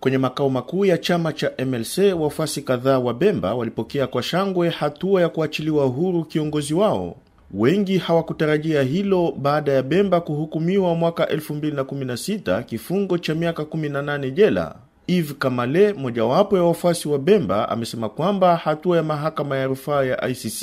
Kwenye makao makuu ya chama cha MLC wafuasi kadhaa wa Bemba walipokea kwa shangwe hatua ya kuachiliwa huru kiongozi wao. Wengi hawakutarajia hilo baada ya Bemba kuhukumiwa mwaka 2016 kifungo cha miaka 18 jela. Eve Kamale, mojawapo ya wafuasi wa Bemba, amesema kwamba hatua ya mahakama ya rufaa ya ICC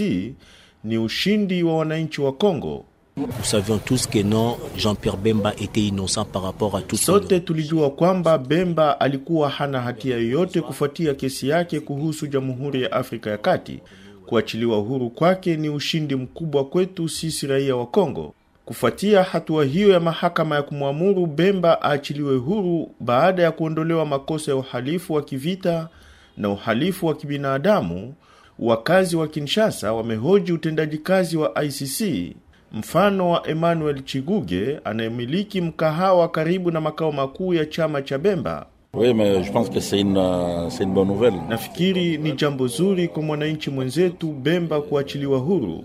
ni ushindi wa wananchi wa Kongo. Nous savions tous que non, Jean-Pierre Bemba était innocent par rapport à tout. Sote tulijua kwamba Bemba alikuwa hana hatia yoyote kufuatia kesi yake kuhusu Jamhuri ya Afrika ya Kati. Kuachiliwa huru kwake ni ushindi mkubwa kwetu sisi raia wa Kongo. Kufuatia hatua hiyo ya mahakama ya kumwamuru Bemba aachiliwe huru baada ya kuondolewa makosa ya uhalifu wa kivita na uhalifu wa kibinadamu, wakazi wa Kinshasa wamehoji utendaji kazi wa ICC. Mfano wa Emmanuel Chiguge anayemiliki mkahawa karibu na makao makuu ya chama cha Bemba. Oui, mais je pense que c'est une, c'est une bonne nouvelle. Nafikiri ni jambo zuri kwa mwananchi mwenzetu Bemba kuachiliwa huru.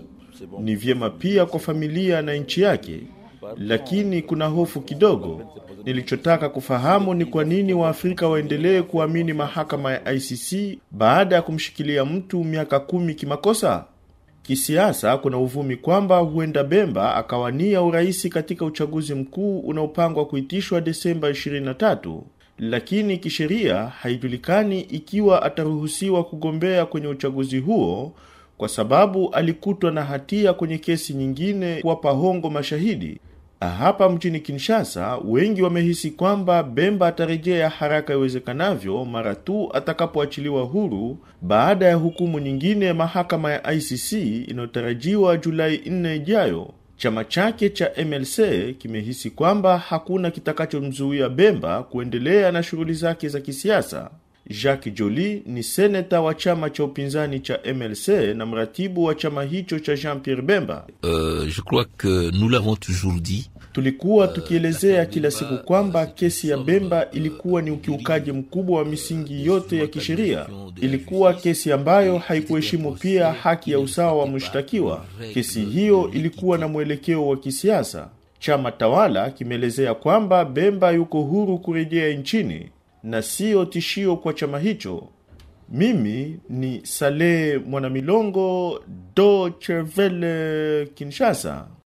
Ni vyema pia kwa familia na nchi yake. Lakini kuna hofu kidogo. Nilichotaka kufahamu ni kwa nini Waafrika waendelee kuamini mahakama ya ICC baada ya kumshikilia mtu miaka kumi kimakosa? Kisiasa kuna uvumi kwamba huenda Bemba akawania uraisi katika uchaguzi mkuu unaopangwa kuitishwa Desemba 23, lakini kisheria haijulikani ikiwa ataruhusiwa kugombea kwenye uchaguzi huo kwa sababu alikutwa na hatia kwenye kesi nyingine kuwapa hongo mashahidi hapa mjini Kinshasa, wengi wamehisi kwamba Bemba atarejea haraka iwezekanavyo mara tu atakapoachiliwa huru baada ya hukumu nyingine ya mahakama ya ICC inayotarajiwa Julai 4 ijayo. Chama chake cha MLC kimehisi kwamba hakuna kitakachomzuia Bemba kuendelea na shughuli zake za kisiasa. Jacques Joly ni seneta wa chama cha upinzani cha MLC na mratibu wa chama hicho cha Jean-Pierre Bemba. Uh, je crois que nous l'avons toujours dit Tulikuwa tukielezea kila siku kwamba kesi ya Bemba ilikuwa ni ukiukaji mkubwa wa misingi yote ya kisheria. Ilikuwa kesi ambayo haikuheshimu pia haki ya usawa wa mshtakiwa. Kesi hiyo ilikuwa na mwelekeo wa kisiasa. Chama tawala kimeelezea kwamba Bemba yuko huru kurejea nchini na siyo tishio kwa chama hicho. Mimi ni Saleh Mwanamilongo, do Chevele, Kinshasa.